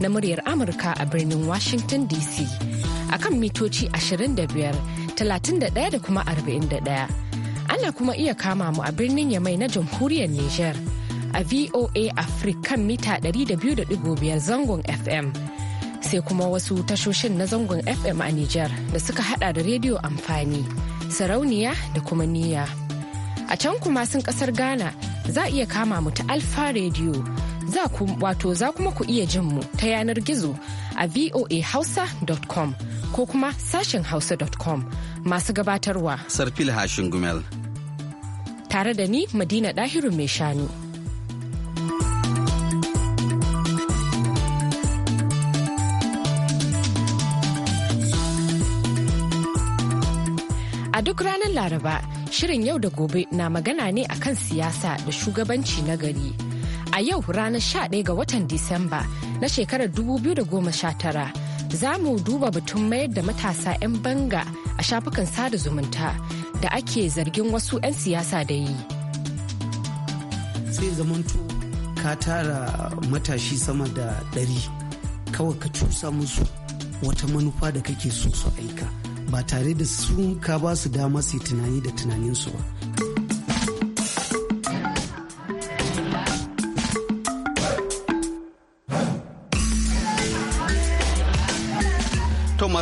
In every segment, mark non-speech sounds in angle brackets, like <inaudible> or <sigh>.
na muryar Amurka a birnin Washington DC a kan mitoci 25, 31 da kuma 41. Ana kuma iya kama mu a birnin Yamai na jamhuriyar Nijar a VOA Africa kan mita 200.5 zangon FM. Sai kuma wasu tashoshin na zangon FM a Nijar da suka hada da rediyo amfani, sarauniya da kuma niya. A can kuma sun kasar Ghana za iya kama mu ta Alfa Radio. za ku wato za kuma ku iya jin mu ta yanar gizo a voahausa.com ko kuma sashen hausa.com masu gabatarwa. Sarfil Hashin Gumel. Tare da ni Madina Dahiru mai shanu. A duk ranar Laraba, shirin yau da gobe na magana ne akan siyasa da shugabanci na gari. A yau ranar 11 ga watan Disamba na shekarar 2019 za mu duba batun mayar da matasa 'yan banga a shafukan sada zumunta da ake zargin wasu 'yan siyasa da yi. Sai zamantu ka tara matashi sama da ɗari kawai ka cusa musu wata manufa da kake so su aika ba tare da sun ka ba su dama su tunani da tunaninsu ba.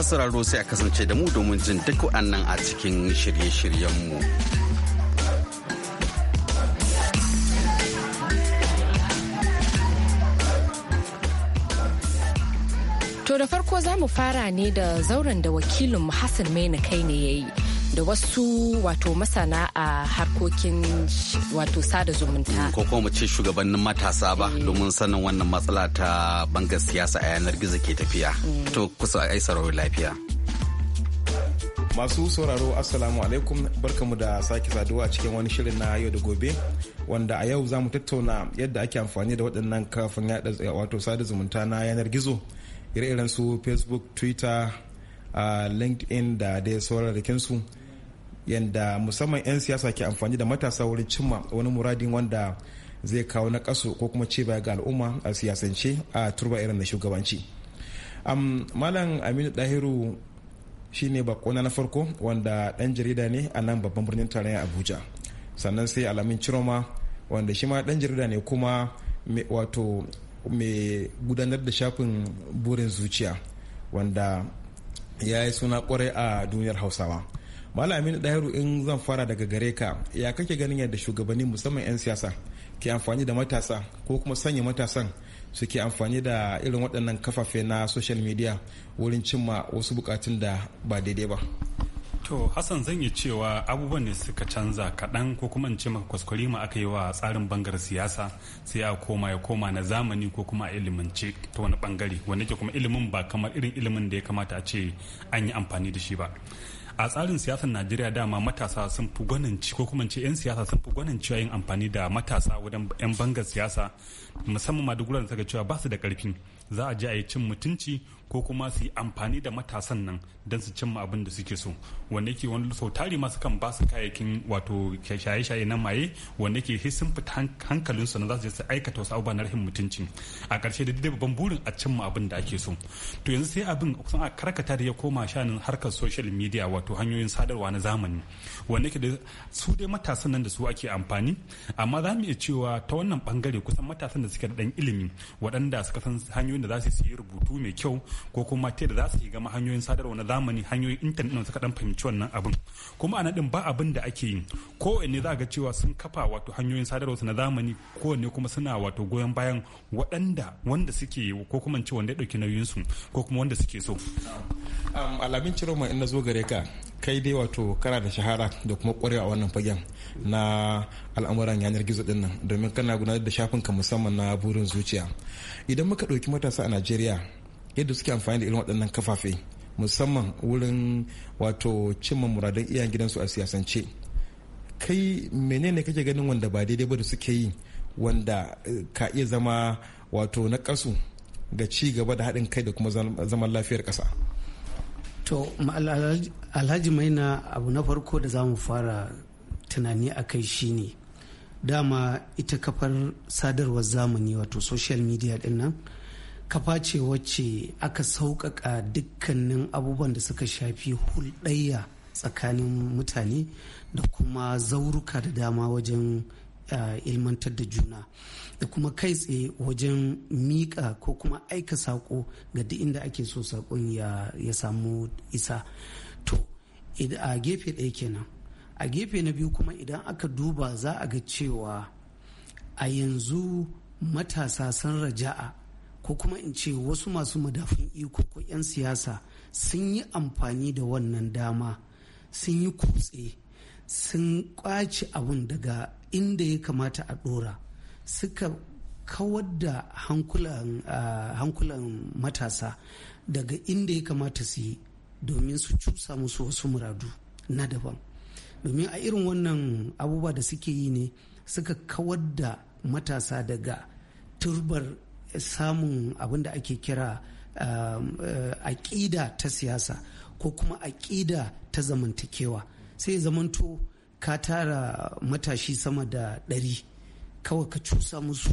masu sauraro sai a kasance da mu domin jin duk wa'annan a cikin shirye-shiryenmu. To da farko za mu fara ne da zauren da wakilin Hassan Maina kai ne ya yi. da wasu wato masana a harkokin wato sada zumunta. Mm, ko kuma mu ce shugabannin matasa ba mm. domin sanin wannan matsala ta bangar siyasa a yanar gizo ke tafiya. Mm. To kusa ai sarari lafiya. Masu sauraro Assalamu alaikum barkamu da sake saduwa cikin wani shirin na yau da gobe wanda a yau za mu tattauna yadda ake amfani da waɗannan kafin yaɗa wato sada zumunta na yanar gizo ire-iren su Facebook, Twitter, uh, LinkedIn da dai sauran rikinsu. yadda musamman 'yan siyasa ke amfani da matasa wurin cimma wani muradin wanda zai kawo na kaso ko kuma ce baya ga al'umma a siyasance a turba irin da shugabanci malam aminu dahiru shine bakona na farko wanda dan jarida ne a nan babban birnin tarayya abuja sannan sai alamin ciroma wanda shi ma dan jarida ne kuma wato mai gudanar da shafin burin zuciya wanda ya yi suna kwarai a duniyar hausawa malami aminu ɗayaru in zan fara daga gare ka ya kake ganin yadda shugabanni musamman 'yan siyasa ke amfani da matasa ko kuma sanya matasan suke amfani da irin waɗannan kafafe na social media wurin cimma wasu bukatun da ba daidai ba to hassan zan yi cewa abubuwan ne suka canza kaɗan ko kuma in ce maka kwaskwari ma aka yi wa tsarin bangar siyasa sai a koma ya koma na zamani ko kuma a ilimance ta wani bangare wanda ke kuma ilimin ba kamar irin ilimin da ya kamata a ce an yi amfani da shi ba a tsarin siyasar najeriya dama matasa sun fi gwaninci ko kuma ce 'yan siyasa sun fi cewa yin amfani da matasa wajen 'yan bangar siyasa musamman ma duk da suka cewa ba su da karfi za a ji a yi cin mutunci ko kuma su yi amfani da matasan nan don su cimma abin da suke so wanda ke wani sau masu kan ba su kayayyakin wato shaye-shaye na maye wanda ke sai sun fita hankalinsu su na za su je su aikata wasu abubuwa na rahin mutunci a ƙarshe da babban burin a cimma abin da ake so to yanzu sai abin kusan a karkata da ya koma shanin harkar social media wato hanyoyin sadarwa na zamani wanda ke da su dai matasan nan da su ake amfani amma za mu iya cewa ta wannan bangare kusan matasan da suke da ɗan ilimi waɗanda suka san hanyoyin hanyoyin da za su yi rubutu mai kyau ko kuma ta da za su yi gama hanyoyin sadarwa na zamani hanyoyin intanet ɗin suka dan fahimci wannan abin kuma a naɗin ba abin da ake yi ko ne za ga cewa sun kafa wato hanyoyin sadarwa na zamani ko ne kuma suna wato goyon bayan waɗanda wanda suke ko kuma ce wanda ya ɗauki nauyinsu ko kuma wanda suke so alamin ciro mai ina zo gare ka kai dai wato kana da shahara da kuma kwarewa a wannan fagen na al'amuran yanar gizo din nan domin kana gudanar da shafin ka musamman na burin zuciya idan muka ɗauki matasa a najeriya yadda suke amfani da irin waɗannan kafafe musamman wurin wato cimma muradan iyayen gidansu a siyasance kai menene kake ganin wanda ba daidai ba da suke yi wanda eh, ka iya zama wato na kasu ga ci gaba da haɗin kai da kuma zaman lafiyar ƙasa to alhaji maina abu na farko da za mu fara tunani a kai shi shine dama ita kafar sadarwar zamani wato social media din nan kafa ce wacce aka sauƙaƙa dukkanin abubuwan da suka shafi hulɗayya tsakanin mutane da kuma zauruka da dama wajen Eh, ilmantar da juna da kuma kai tsaye wajen miƙa ko kuma aika saƙo ga duk inda ake so sakon ya samu isa to a gefe ɗaya kenan a gefe na biyu kuma idan aka duba za a ga cewa a yanzu matasa sun raja'a ko kuma in ce wasu masu madafin iko ko 'yan siyasa sun yi amfani da wannan dama sun yi kutse sun kwaci abun daga inda ya kamata a ɗora suka kawar da hankulan matasa daga inda ya kamata su yi domin su cusa musu wasu muradu na daban domin a irin wannan abubuwa da suke yi ne suka kawar da matasa daga turbar samun abin da ake kira aƙida ta siyasa ko kuma aƙida ta zamantakewa sai zamanto ka tara matashi sama da ɗari kawai ka cusa musu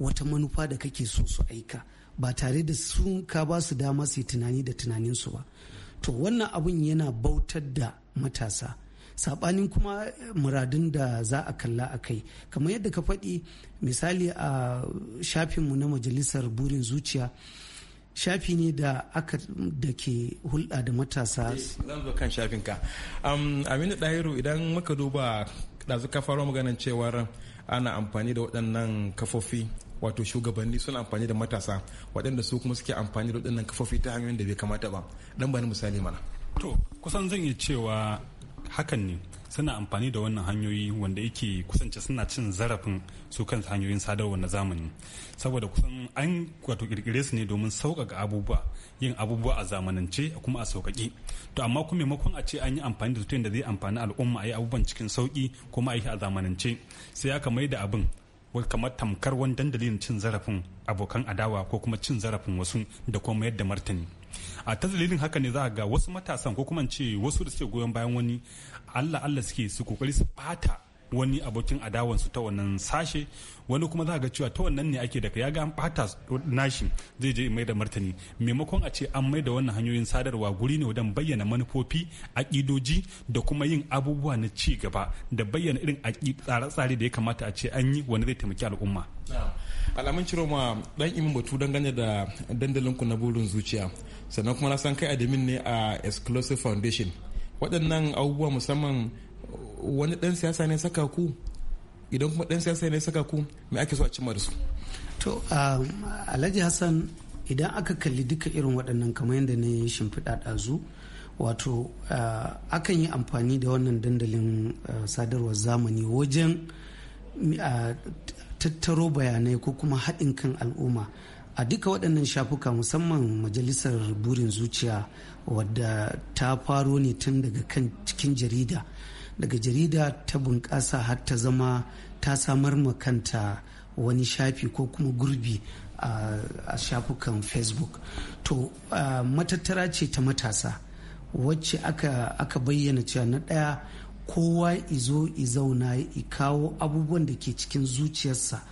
wata manufa da kake so su aika ba tare da sun ka ba su dama su yi tunani da tunaninsu ba to wannan abun yana bautar da matasa sabanin kuma muradun da za a kalla a kai kamar yadda ka faɗi misali a shafinmu na majalisar burin zuciya shafi ne da aka da ke hulɗa da matasa eh, zan zo kan shafin aminu ɗahiru idan muka duba ɗazu ka faro maganin cewar ana amfani da waɗannan kafofi wato shugabanni suna amfani da matasa waɗanda su kuma suke amfani da waɗannan kafofi ta hanyoyin da bai kamata ba dan bani misali mana to kusan zan iya cewa hakan ne suna amfani da wannan hanyoyi wanda yake kusance suna cin zarafin su kansu hanyoyin sadarwa na zamani saboda kusan an wato kirkire su ne domin sauƙaƙa abubuwa yin abubuwa a zamanance kuma a sauƙaƙe to amma kuma maimakon a ce an yi amfani da su da zai amfani al'umma a yi abubuwan cikin sauƙi kuma a yi a zamanance sai aka mai da abin kamar tamkar wani dandalin cin zarafin abokan adawa ko kuma cin zarafin wasu da kuma mayar da martani a ta haka ne za a ga wasu matasan ko kuma ce wasu da suke goyon bayan wani Allah Allah suke su kokari su bata wani abokin adawansu ta wannan sashe wani kuma za ga cewa ta wannan ne ake daga ya ga an bata nashi zai je mai da martani maimakon a ce an mai da wannan hanyoyin sadarwa guri ne wajen bayyana manufofi aƙidoji da kuma yin abubuwa na ci gaba da bayyana irin tsare-tsare da ya kamata a ce an yi wani zai taimaki al'umma alamun ciro ma dan imin batu dangane da dandalinku na burin zuciya sannan kuma na san kai adamin ne a exclusive foundation waɗannan abubuwa musamman wani ɗan siyasa ne saka ku idan kuma ɗan siyasa ne saka ku me ake so a cimma da su to um, alhaji hassan idan aka kalli duka irin waɗannan kamar yadda na yi shimfiɗa ɗazu wato uh, akan yi amfani da wannan dandalin uh, sadarwar zamani wajen uh, tattaro bayanai ko kuma haɗin kan al'umma a duka waɗannan shafuka musamman majalisar burin zuciya wadda ta faro ne tun daga kan cikin jarida daga jarida ta bunƙasa har ta zama ta samar ma kanta wani shafi ko kuma gurbi a shafukan facebook to matattara ce ta matasa wacce aka bayyana cewa na ɗaya kowa izo izauna i kawo abubuwan da ke cikin zuciyarsa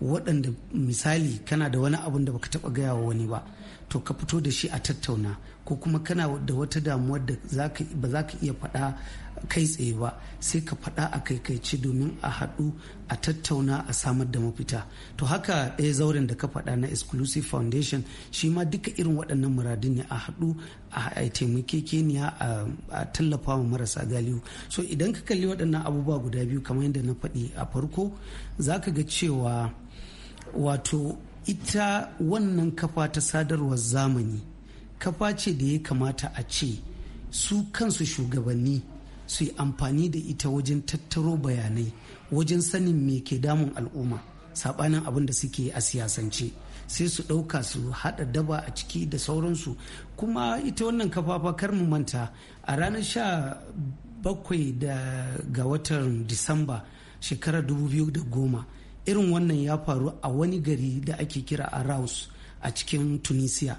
waɗanda misali kana da wani abun da baka taɓa gaya wa wani ba to ka fito da shi a tattauna ko kuma kana da wata damuwar da ba za ka iya faɗa kai tsaye ba sai ka faɗa a kai kaici domin a haɗu a tattauna a samar da mafita to haka ɗaya zauren da ka faɗa na exclusive foundation shi ma duka irin waɗannan muradin ne a haɗu a taimake keniya a tallafa wa marasa galihu so idan ka kalli waɗannan abubuwa guda biyu kamar yadda na faɗi a farko za ka ga cewa wato ita wannan kafa ta sadarwar zamani kafa ce da ya kamata a ce su kansu shugabanni su yi amfani da ita wajen tattaro bayanai wajen sanin me ke damun al'umma sabanin abin da suke a siyasance sai su ɗauka su haɗa daba a ciki da sauransu kuma ita wannan kafafa kar mu manta a ranar sha bakwai da ga watan disamba shekarar 2010 irin wannan ya faru a wani gari da ake kira a raus a cikin tunisia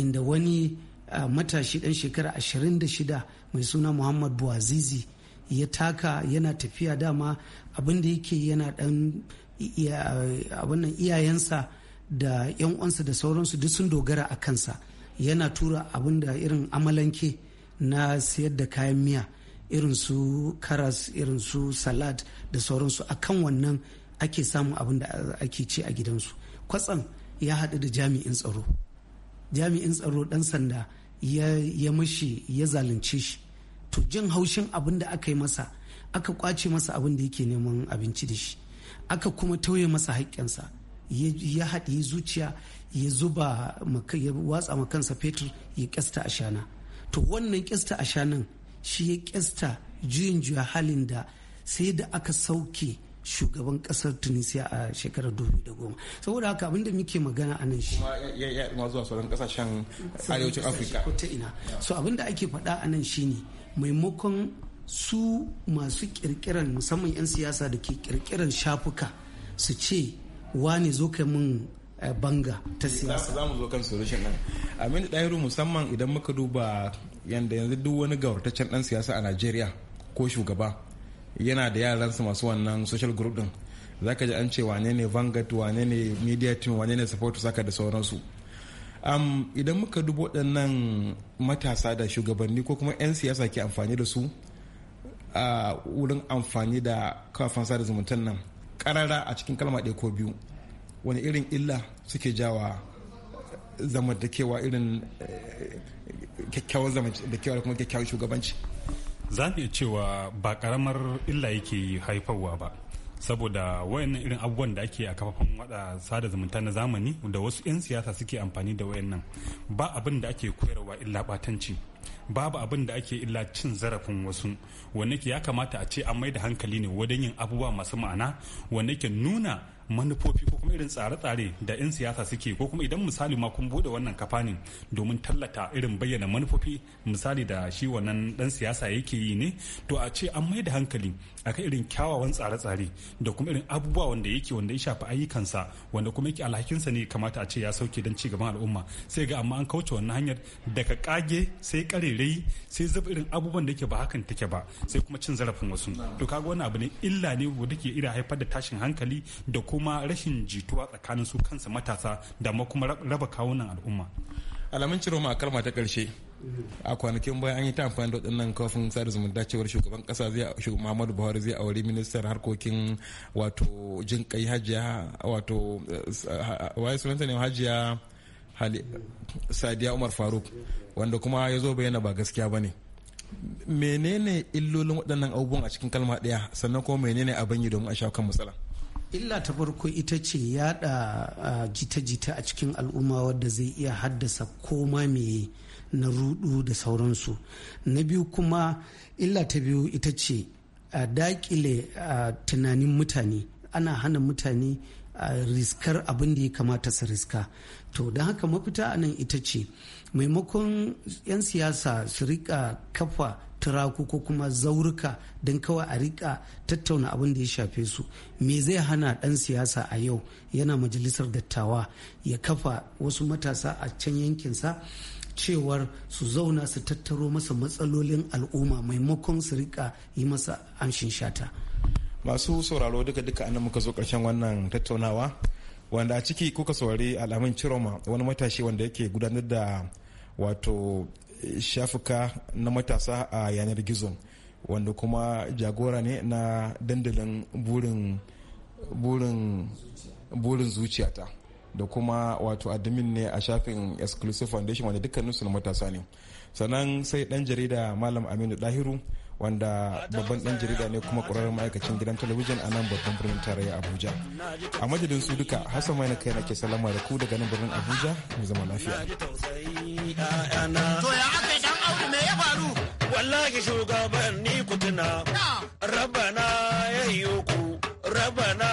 inda wani matashi dan shekara 26 mai suna muhammad buazizi ya taka yana tafiya dama abin yake yana dan iyayensa da yan uwansa da sauransu duk sun dogara a kansa yana tura abin irin amalanke na sayar da kayan miya irin su karas irin su salad da sauransu akan wannan ake samun abin da ake ci a gidansu kwatsam ya haɗu da jami'in tsaro jami'in tsaro ɗan sanda ya mashi ya zalunce shi to jin haushin abin da aka yi masa aka kwace masa abin da yake neman abinci da shi aka kuma tauye masa haƙƙinsa ya haɗe zuciya ya zuba ya watsa ma kansa fetur ya kyasta ashana to wannan kyasta ashanan shi ya kyasta juyin juya halin da sai da aka sauke shugaban kasar tunisia a shekarar 2010 saboda haka abinda muke magana a nan shi ya zuwa sauran kasashen arewacin afirka ko ta ina so abinda ake faɗa a nan shine maimakon su masu kirkiran musamman 'yan siyasa da ke kirkiran shafuka su ce wane zo kai min eh, banga ta siyasa za mu zo kan solution nan amin ɗahiru musamman idan muka duba yanda yanzu duk wani gawartaccen ɗan siyasa a najeriya ko shugaba yana da yaransa masu wannan social group din zaka ji an ce wane ne vanguard wane ne media team wane ne support saka da sauransu um, idan muka dubo waɗannan matasa da shugabanni ko kuma 'yan siyasa ke amfani da su a wurin amfani da kafan sada zumuntan nan karara a cikin kalma ɗaya ko biyu wani irin illa suke jawa zamantakewa irin eh, kyakkyawan zamantakewa da kuma kyakkyawan shugabanci za mu iya cewa ba karamar illa yake haifarwa ba saboda wayannan irin abubuwan da ake a kafafen wada sada zumunta na zamani da wasu 'yan siyasa suke amfani da wayannan ba abin da ake koyarwa illa batanci babu abin da ake illa cin zarafin wasu wanda ya kamata a ce an mai da hankali ne wajen yin abubuwa masu ma'ana wanda ke nuna manufofi kuma irin tsare-tsare da 'yan siyasa suke ko kuma idan misali ma kun bude wannan kafa ne domin tallata irin bayyana manufofi misali da shi wannan dan siyasa yake yi ne to a ce an mai da hankali akan irin kyawawan tsare-tsare da kuma irin abubuwa wanda yake wanda ya shafi ayyukansa wanda kuma yake alhakinsa ne kamata a ce ya sauke don cigaban al'umma sai ga amma an kauce wannan hanyar daga kage sai karerai sai zuba irin abubuwan da yake ba hakan take ba sai kuma cin zarafin wasu to kaga wani abu ne illa ne wanda ke ira haifar da tashin hankali da kuma rashin ji jituwa tsakanin su kansa matasa da ma kuma raba kawunan al'umma alamun ciro ma kalma ta karshe a kwanakin bayan an yi ta amfani da waɗannan kafin sada zumunta cewar shugaban ƙasa zai muhammadu buhari zai auri ministan harkokin wato jin kai hajiya wato eh, waye sunanta ne hajiya sadiya umar faruk wanda kuma ya zo bayyana ba gaskiya ba ne menene illolin waɗannan abubuwan a cikin kalma ɗaya sannan kuma menene abin yi domin a shawo kan matsala illa ta farko ita ce yada jita-jita a cikin al'umma wadda zai iya haddasa koma mai na rudu da sauransu na biyu kuma illa ta biyu ita ce dakile tunanin mutane ana hana mutane riskar abin da ya kamata su riska to don haka mafita a nan ita ce maimakon 'yan siyasa su rika kafa turaku ko kuma zaurika don kawai a rika tattauna abin da ya shafe su me zai hana dan siyasa a yau yana majalisar dattawa ya kafa wasu matasa a can yankinsa cewar su zauna su tattaro masa matsalolin al'umma maimakon su rika yi masa amshin shata masu sauraro duka duka nan muka zo karshen wannan tattaunawa wanda a ciki kuka saurari al'amun ciroma wani matashi wanda yake gudanar da wato shafuka na matasa a yanar gizo wanda kuma jagora ne na dandalin burin burin burin zuciyata da kuma wato admin ne a shafin exclusive foundation wanda dukkanin na matasa ne sannan sai dan jarida malam aminu dahiru wanda babban dan jarida ne kuma ƙwararren ma'aikacin gidan talabijin a nan babban birnin tarayya abuja a majalin su duka hassan mai na kai na ke salama da ku daga nan birnin abuja mu zama lafiya to ya shugaban ni kutuna rabana ya yi ku rabana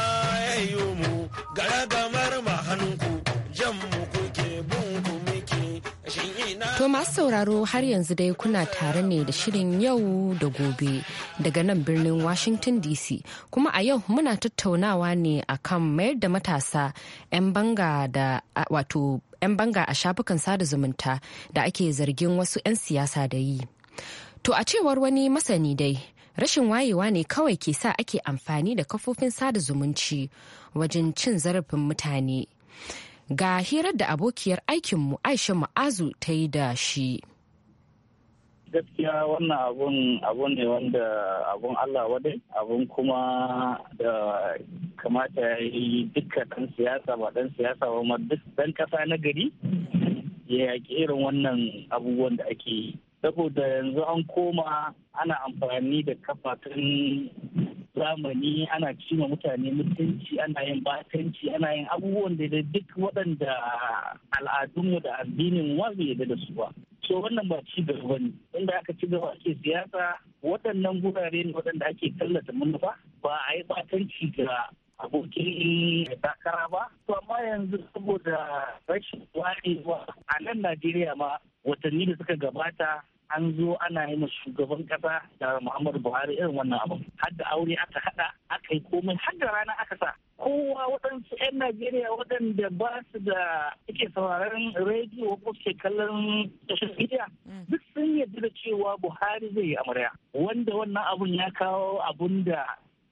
To masu sauraro har yanzu dai kuna tare ne da shirin yau da gobe daga nan birnin Washington DC. Kuma a yau muna tattaunawa ne akan mayar da matasa 'yan banga da wato 'yan banga a shafukan sada zumunta da ake zargin wasu 'yan siyasa da yi. To a cewar wani masani dai, rashin wayewa ne kawai ke sa ake amfani da kafofin sada zumunci wajen cin zarafin mutane. ga hirar da abokiyar aikinmu aisha ma'azu ta yi da shi gaskiya wannan abun abu ne wanda abun allah wadai abun kuma da kamata ya yi dukkan dan siyasa ba dan siyasa ba ma duk dan kasa na gari ya yaƙi irin wannan abubuwan da ake yi saboda yanzu an koma ana amfani da kafafen zamani ana cima mutane mutunci ana yin batanci ana yin abubuwan da duk waɗanda al'adunmu da addinin wa yadda da su ba so wannan ba ci gaba ne inda aka ci gaba ake siyasa waɗannan gurare ne waɗanda ake tallata manufa ba a yi batanci ga aboki takara ba to amma yanzu saboda rashin waɗewa a nan najeriya ma watanni da suka gabata an zo ana yi ma shugaban kasa da muhammadu buhari irin wannan abu har da aure aka hada aka yi komai har rana aka sa kowa waɗansu 'yan najeriya waɗanda ba su da suke sauraron rediyo ko ke kallon social media mm. duk sun yadda da cewa buhari zai yi amarya wanda wannan abun ya kawo abun da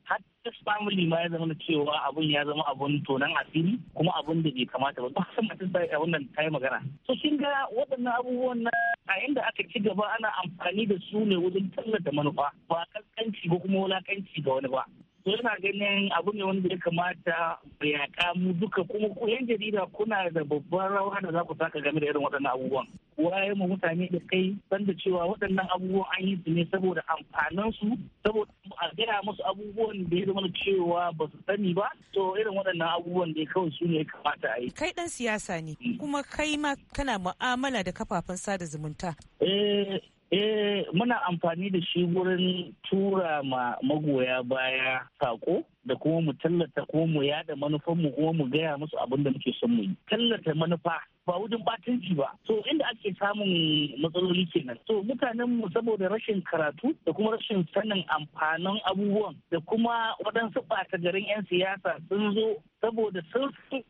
har family ma ya zama cewa abun ya zama abun tonan asiri kuma abun da bai kamata ba ba san mutum sai abun wannan ta yi magana to kin ga waɗannan abubuwan na a inda aka ci gaba ana amfani da su ne wajen tallata manufa ba kankanci ba kuma wulakanci ga wani ba to yana ganin abu ne wanda ya kamata yaƙa mu duka kuma ku yan jarida kuna da babban rawa da za ku saka game da irin waɗannan abubuwan waye mu mutane da kai san da cewa waɗannan abubuwan an yi su ne saboda amfanin su saboda a gaya musu abubuwan da ya zama cewa ba su sani ba to irin waɗannan abubuwan da kawai su ne ya kamata a yi kai ɗan siyasa ne kuma kai ma kana mu'amala da kafafen sada zumunta eh Eh muna amfani da shi wurin tura ma magoya baya sako da kuma mu tallata ko mu yada mu kuma mu gaya musu abin da muke son mu yi. Tallata manufa ba wajen batanci ba. So inda ake samun matsaloli kenan. to mutanen mu saboda rashin karatu da kuma rashin sanin amfanin abubuwan da kuma waɗansu ɓata garin 'yan siyasa sun zo saboda sun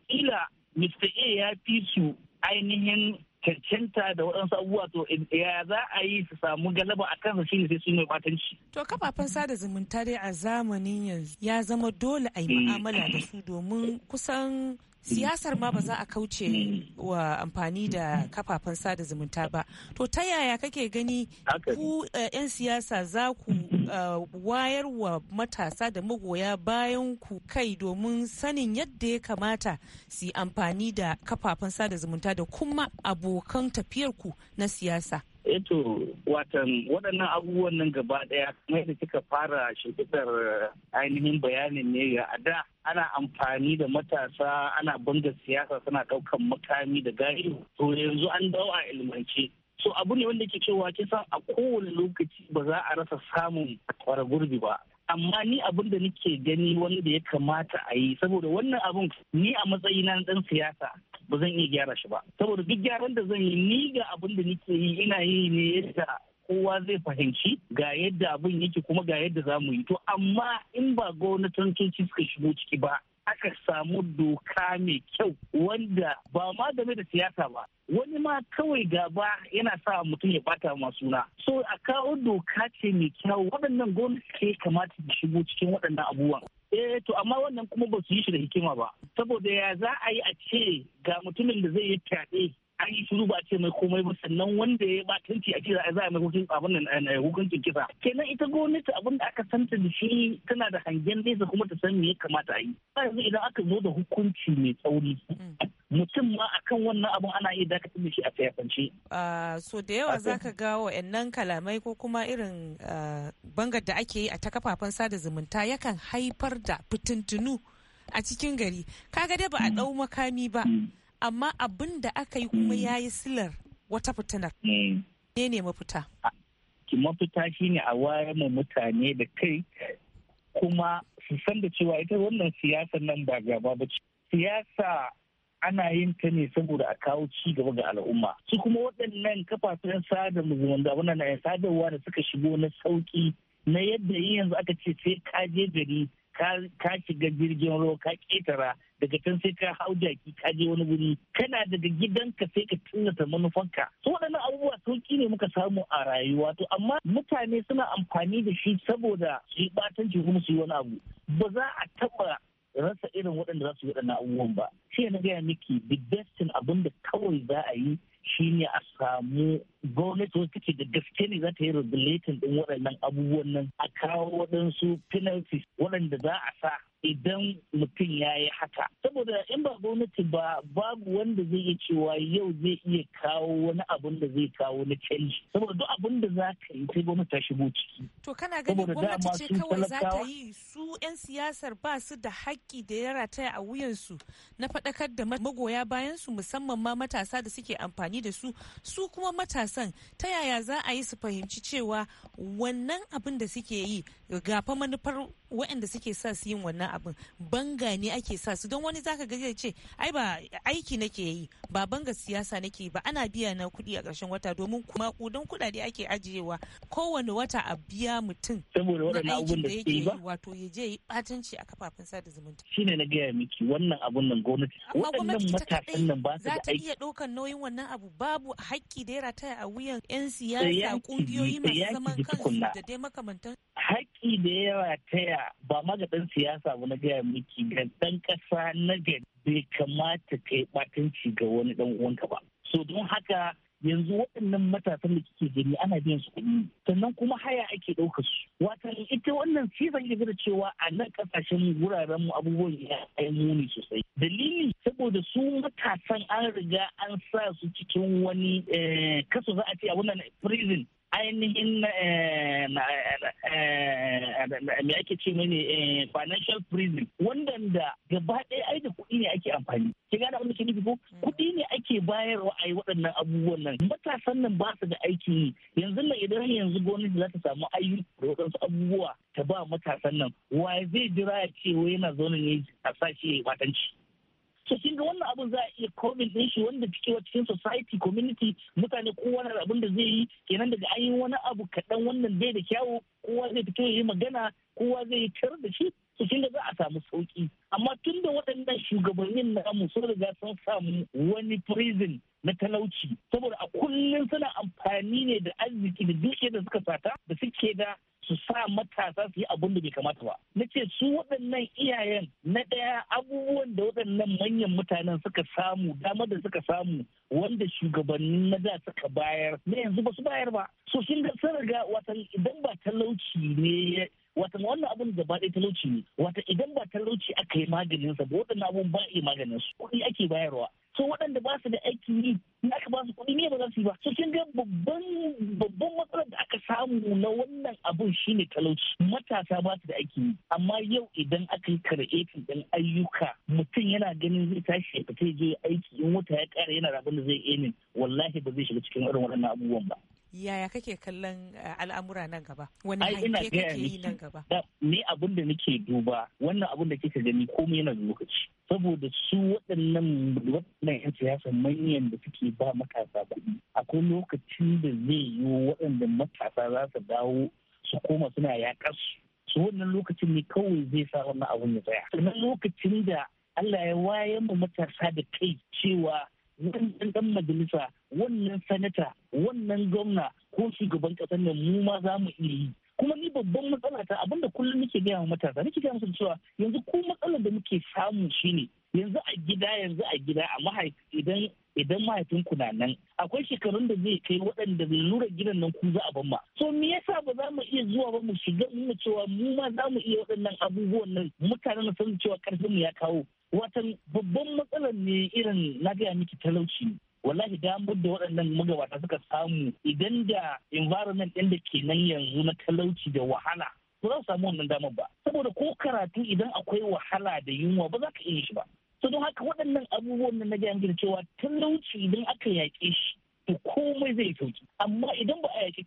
ila Mr. A ya fi su ainihin cancanta da waɗansu abubuwa to ya za a yi su samu galaba a kansa shi ne sai sun yi batanci. To kafafen sada zumunta dai a zamanin yanzu ya zama dole a yi eh. mu'amala da su domin kusan siyasar ma ba za a kauce wa amfani da kafafen sada zumunta ba to ta yaya kake gani ku 'yan eh, siyasa za ku eh, wayar wa matasa da magoya bayan ku kai domin sanin yadda ya kamata su amfani da kafafen sada zumunta da kuma abokan tafiyarku na siyasa eto eh watan waɗannan abubuwan nan gaba ɗaya kamar yadda kika fara shimfiɗar eh, ainihin bayanin ne ga da ana amfani da matasa ana banga siyasa suna ɗaukan makami da gari to yanzu an dawo a ilmance so abu ne wanda ke cewa kisa a kowane lokaci ba za a rasa samun kwara gurbi ba amma ni abin da nake gani wani da ya kamata a yi saboda wannan abin ni a matsayina na dan siyasa ba zan iya gyara shi ba saboda duk gyaran da zan yi ni ga abin da nake yi ina yi ne yadda kowa zai fahimci ga yadda abin yake kuma ga yadda za mu yi to amma in ba gwamnatantoci suka shigo ciki ba aka samu doka mai kyau wanda ba ma game da siyasa ba wani ma kawai gaba yana sa mutum ya bata ma suna so a kawo doka ce mai kyau waɗannan gwamnati ke kamata su shigo cikin waɗannan abubuwan eh to amma wannan kuma ba su yi shi da hikima ba saboda ya za a yi a ce ga mutumin da zai yi fyaɗe an yi shiru ba a ce mai komai ba sannan wanda ya batanci a kira za a mai hukuncin abin nan eh, eh, hukuncin kisa kenan ita gwamnati abin da aka santa da shi tana da hangen nesa kuma ta san me ya kamata a yi yanzu idan aka zo da hukunci mai tsauri mm. mutum ma akan wannan abun ana iya dakatar da shi a siyasance. Ah, so da yawa za ka ga wa'annan kalamai ko kuma irin ah, bangar da ake yi a ta kafafen sada zumunta yakan haifar da fitintunu a cikin gari ka ga dai ba a mm. ɗau makami ba. Mm. amma abin da aka yi kuma hmm. ya yi silar wata fitinar hmm. ne ne mafita ki mafita ne a wayar ma mutane da kai kuma su san da cewa ita wannan siyasa nan ba gaba ba siyasa ana yin ta ne saboda a kawo ci gaba ga al'umma su kuma waɗannan kafafen sada na wannan sadarwa da suka shigo na sauki na yadda yanzu aka ce sai ka je gari ka shiga jirgin ruwa ka ketara daga can sai ka hau jaki ka je wani wuri kana daga gidanka sai ka tunata manufanka su waɗannan abubuwa sauki ne muka samu a rayuwa to amma mutane suna amfani da shi saboda su yi batanci kuma su yi wani abu ba za a taɓa rasa irin waɗanda za su yi waɗannan abubuwan ba shi na gaya miki the best abin da kawai za a yi shine a samu gwamnati wata take da gaske ne za ta yi regulating din waɗannan abubuwan nan a kawo waɗansu penalties waɗanda za a sa idan mutum ya yi haka saboda in ba gwamnati ba babu wanda zai iya cewa yau zai iya kawo wani abun da zai kawo na canji saboda duk abun da za ka yi sai gwamnati ta shigo ciki to kana ganin gwamnati ce kawai za ta yi su yan siyasar ba su da haƙƙi da ya rataya a wuyansu na faɗakar da magoya bayan su musamman ma matasa da suke amfani amfani da su su kuma matasan ta yaya za a yi su fahimci cewa wannan abin da suke yi gafa manufar waɗanda suke sa su yin wannan abin banga ne ake sa su don wani zaka ga zai ce ai ba aiki nake yi ba banga siyasa nake yi ba ana biya na kuɗi a ƙarshen wata domin kuma kudan kuɗaɗe ake ajiyewa kowane wata a biya mutum saboda waɗanda abubuwan da yake yi wato ya je yi ɓatanci a kafafen sada zumunta shine na gaya miki wannan abun nan gwamnati waɗannan matasan nan ba za ta iya ɗaukar nauyin wannan abu babu haƙƙi da ya rataya a wuyan 'yan siyasa ƙungiyoyi masu zaman kansu da dai makamantan haƙƙi da ya rataya gaya ba ma ga ɗan siyasa ba na gaya miki ga ɗan ƙasa na gari bai kamata kai yi ɓatanci ga wani dan uwanka ba. So don haka yanzu waɗannan matasan da kike gani ana biyan su kuɗi sannan kuma haya ake ɗauka su wata ita wannan sisan ke da cewa a nan ƙasashen wuraren mu abubuwan ya yi muni sosai dalili saboda su matasan an riga an sa su cikin wani eh, kaso za a ce a wannan prison ainihin eh, eh, me ake ce mene eh, financial prison wanda gaba ɗaya ai da kuɗi ne ake amfani Ki gane abin da ke nufi ko mm. kuɗi ne ake bayarwa yi waɗannan abubuwan nan matasan nan ba su da aiki yanzu nan idan yanzu gwamnati za ta samu ayyuka da waɗansu abubuwa ta ba matasan nan wa zai jira ya ce wai yana zaune ne a sashi ya yi so kin ga wannan abun za a iya covid din shi wanda cike cikin society community mutane kowa na abin da zai yi kenan daga an yi wani abu kaɗan wannan bai da kyawu kowa zai fito ya yi magana kowa zai yi tar da shi so kin da za a samu sauki amma tun da waɗannan shugabannin namu sun riga sun samu wani prison na talauci saboda a kullum suna amfani ne da arziki da dukiyar da suka sata da suke da su sa matasa su yi abun da bai kamata ba na ce su waɗannan iyayen na ɗaya abubuwan da waɗannan manyan mutanen suka samu damar da suka samu wanda shugabannin na da suka bayar na yanzu ba su bayar ba so sun ga sun riga watan idan ba talauci ne watan wannan abun da ɗaya talauci ne wata idan ba talauci aka yi maganinsa ba waɗannan abun ba a yi maganinsu kuɗi ake bayarwa sun waɗanda ba su da aiki yi in aka ba su kuɗi ne ba za su yi ba so sun ga babban matsalar da aka samu na wannan abun shine talauci matasa ba su da aiki yi amma yau idan aka yi karetin ɗan ayyuka mutum yana ganin zai tashi ya fita je aiki in wata ya ƙara yana rabin da zai emin wallahi ba zai shiga cikin irin waɗannan abubuwan ba yaya kake kallon eh, al'amura nan gaba wani hanke kake yi nan gaba ni abin da nake duba wannan abin da kika gani komai yana da lokaci saboda su waɗannan waɗannan 'yan siyasa manyan da suke ba matasa ba, akwai lokacin da zai yi waɗanda matasa za su dawo su koma suna yaƙar su wannan lokacin ne kawai zai sa wannan abun ya tsaya sannan lokacin da Allah ya wayan mu matasa da kai cewa wannan dan majalisa wannan sanata wannan gwamna ko shugaban ƙasar nan mu ma za mu iya yi kuma ni babban matsala ta abinda kullum nake gaya wa matasa nake gaya musu cewa yanzu ko matsalar da muke samu shine yanzu a gida yanzu a gida a mahaifi idan idan ku na nan akwai shekarun da zai kai waɗanda lura gidan nan ku za a ban ma so me yasa ba za mu iya zuwa ba mu shiga mu cewa mu ma za mu iya waɗannan abubuwan nan mutanen sun cewa karfin mu ya kawo watan babban matsalar ne irin na gaya miki talauci wallahi damar da waɗannan magabata suka samu idan da environment ɗin da ke nan yanzu na talauci da wahala ba za su samu wannan damar ba saboda ko karatu idan akwai wahala da yunwa ba za ka iya shi ba to don haka waɗannan abubuwan na gaya miki cewa talauci idan aka yaƙe shi to komai zai sauki amma idan ba a yaki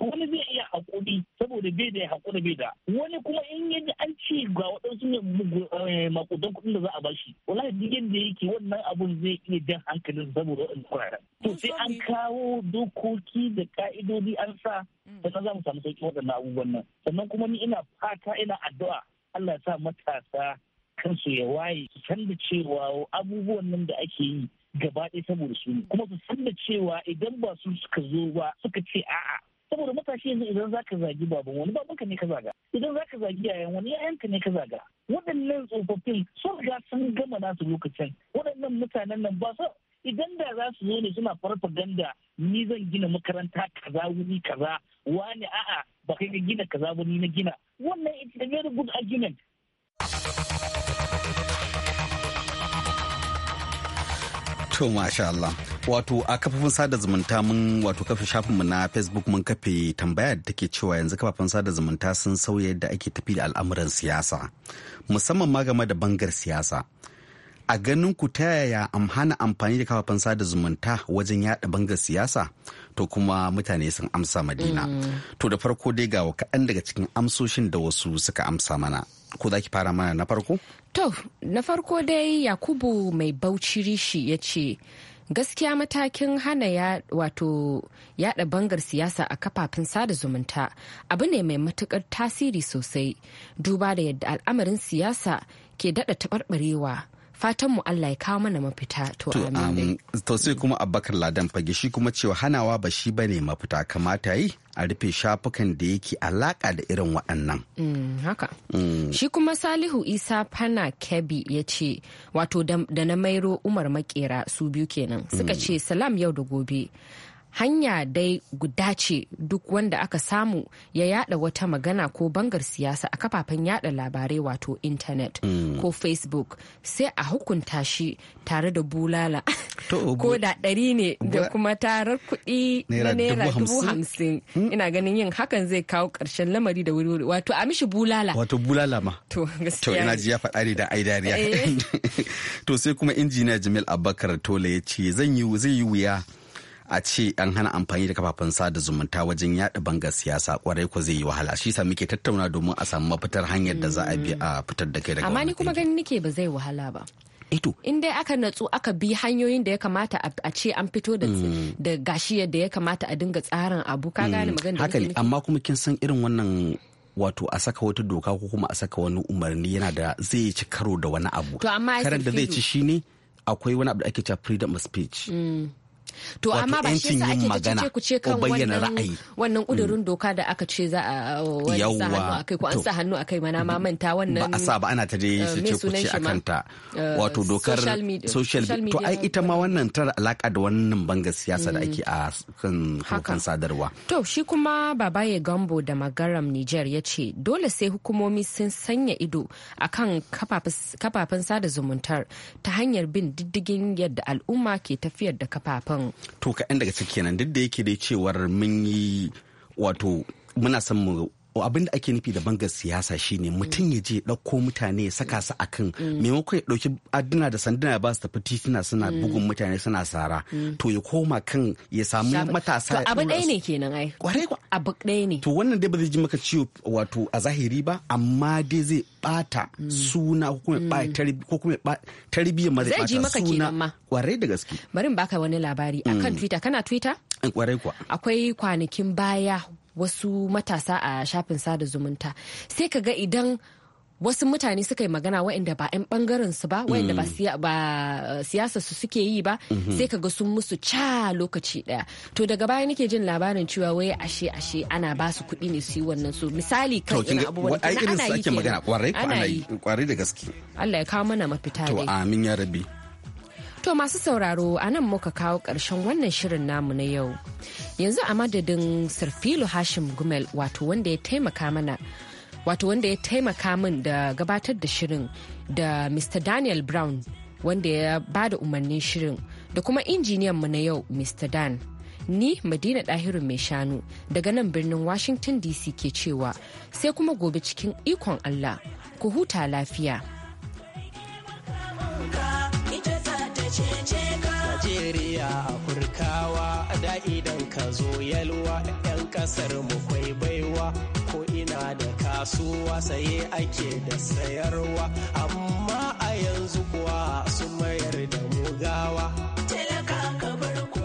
wani zai iya hakuri saboda bai da hakuri bai da wani kuma in yaji an ce ga waɗansu ne eh, makudan kuɗin da za a bashi wallahi duk yadda yake wannan abun zai iya jan hankalin saboda waɗansu kuraren to sai an kawo dokoki da ka'idodi an sa mm. sannan za mu samu sauki waɗannan abubuwan nan sannan kuma ni ina fata ina addu'a Allah ya sa matasa kansu ya waye su san cewa abubuwan nan da ake yi gaba ɗaya saboda su ne kuma su san da cewa idan ba su suka zo ba suka ce a'a saboda matashi yanzu idan za ka zagi baban wani babanka ne ka zaga idan za ka zagi yayan wani yayanka ne ka zaga waɗannan tsofaffin sun riga sun gama nasu lokacin waɗannan mutanen nan ba su idan da za su zo ne suna farfaganda ni zan gina makaranta kaza wuri kaza wani a'a ba kai ka gina kaza ba ni na gina wannan it's a very good argument To masha Allah. Wato a kafafin sada zumunta mun wato kafa mu na Facebook mun kafe tambaya da take cewa yanzu kafafen sada zumunta sun sauya yadda ake tafi da al'amuran siyasa. Musamman ma game da bangar siyasa. A ganin ku ta yaya am hana amfani da kafafen sada zumunta wajen yada bangar siyasa? To kuma mutane sun amsa Madina. Mm. To da farko dai ga kaɗan daga cikin amsoshin da wasu suka amsa mana. ko za ki fara mana na farko? To, na farko dai Yakubu mai bauchi rishi ya ce, gaskiya matakin hana ya wato yada bangar siyasa a kafafen sada zumunta abu ne mai matukar tasiri sosai duba da yadda al'amarin siyasa ke dada taɓarɓarewa. fatan mu Allah ya kawo mana mafita to amin um, to sai kuma abbakar Ladan fage shi kuma cewa hanawa ba shi bane mafita kamata yi a rufe shafukan da yake alaka da irin waɗannan. Mm, haka mm. shi kuma Salihu Isa Fana Kebi ya ce wato da na mairo Umar Makera su biyu kenan suka mm. ce salam yau da gobe hanya dai guda ce duk wanda aka samu ya yada wata magana ko bangar siyasa a kafafen yada labarai wato intanet mm. ko facebook sai a hukunta shi tare da bulala <laughs> ko da ɗari ne da kuma tarar kuɗi na naira dubu hamsin hmm? ina ganin yin hakan zai kawo ƙarshen lamari da wuri wato a mishi bulala wato bulala ma to gaskiya ina ji ya faɗa ne da aidariya eh. <laughs> to sai kuma injiniya jamil abubakar tole ya ce zan yi wuya a ce an hana amfani da kafafen sada zumunta wajen yada bangar siyasa kwarai ko zai yi wahala shi sa muke tattauna domin a samu mafitar hanyar da za a bi a fitar da kai daga amma ni kuma ganin nake ba zai wahala ba ito eh in dai aka natsu aka bi hanyoyin da ya kamata a ce an fito da mm. da gashi yadda ya kamata a dinga tsarin abu ka gane mm. magana haka ne amma kuma kin san irin wannan wato a saka wata doka ko kuma a saka wani umarni yana da zai ci karo da wani abu to amma da zai ci shine akwai wani abu da ake cewa freedom of speech mm. To amma ba shi yasa ake magana ku ce kan wannan wannan kudurin mm. doka da aka ce za a wani sa hannu ko an sa hannu a kai mana ma manta wannan ba a sa ba ana ta dai eh, ce ku ce akan ta eh, wato dokar social to ai ita ma wannan tar alaka da wannan bangar siyasa da mm. ake a kan harkan sadarwa. To shi kuma Babaye Gambo da Magaram Niger ya ce dole sai hukumomi sun sanya ido akan kafafen sada zumuntar ta hanyar bin diddigin yadda al'umma ke tafiyar da kafafen kan to kaɗan daga ciki kenan duk da yake dai cewar mun yi wato muna son mu abin da ake nufi da bangar siyasa shine mutum ya je ɗauko mutane ya saka su akan maimakon ya ɗauki aduna da sanduna ya ba su tafi tituna suna bugun mutane suna sara to ya koma kan ya samu matasa abu ɗaya ne kenan ai kwarai kwa abu ɗaya ne to wannan dai ba zai ji maka ciwo wato a zahiri ba amma dai zai bata suna ko kuma ba ko kuma tarbiyyar ma zai bata suna kwarai da gaske bari in baka wani labari akan mm. twitter kana twitter kwarai kwa akwai kwanakin baya wasu matasa a shafin sada zumunta sai ka ga idan wasu mutane suka yi magana waɗanda ba 'yan bangaren su ba waɗanda ba, mm. siyasa su suke yi ba mm-hmm. sai ka ga sun musu ca lokaci ɗaya to daga baya nake jin labarin cewa wai ashe ashe ana ba su kuɗi ne su yi wannan su misali kan irin abubuwan ana yi kwarai da gaske Allah ya kawo mana mafita dai to amin ya rabi To masu sauraro a nan muka kawo ƙarshen wannan shirin namu na yau. Yanzu a madadin sirfilu Hashim Gumel wato wanda ya taimaka mana wato wanda ya taimaka min da gabatar da shirin da Mr. Daniel Brown wanda ya ba da umarnin shirin da kuma injiniyan mu na yau Mr. Dan. Ni Madina Dahiru mai shanu daga nan birnin Washington DC ke cewa sai kuma gobe cikin ikon Allah ku huta lafiya. najeriya a kurkawa da idan ka zo yalwa 'yan kasar mu kwai baiwa ko ina da kasuwa saye ake da sayarwa amma a yanzu kuwa su mayar da mugawa talaka ka bar ku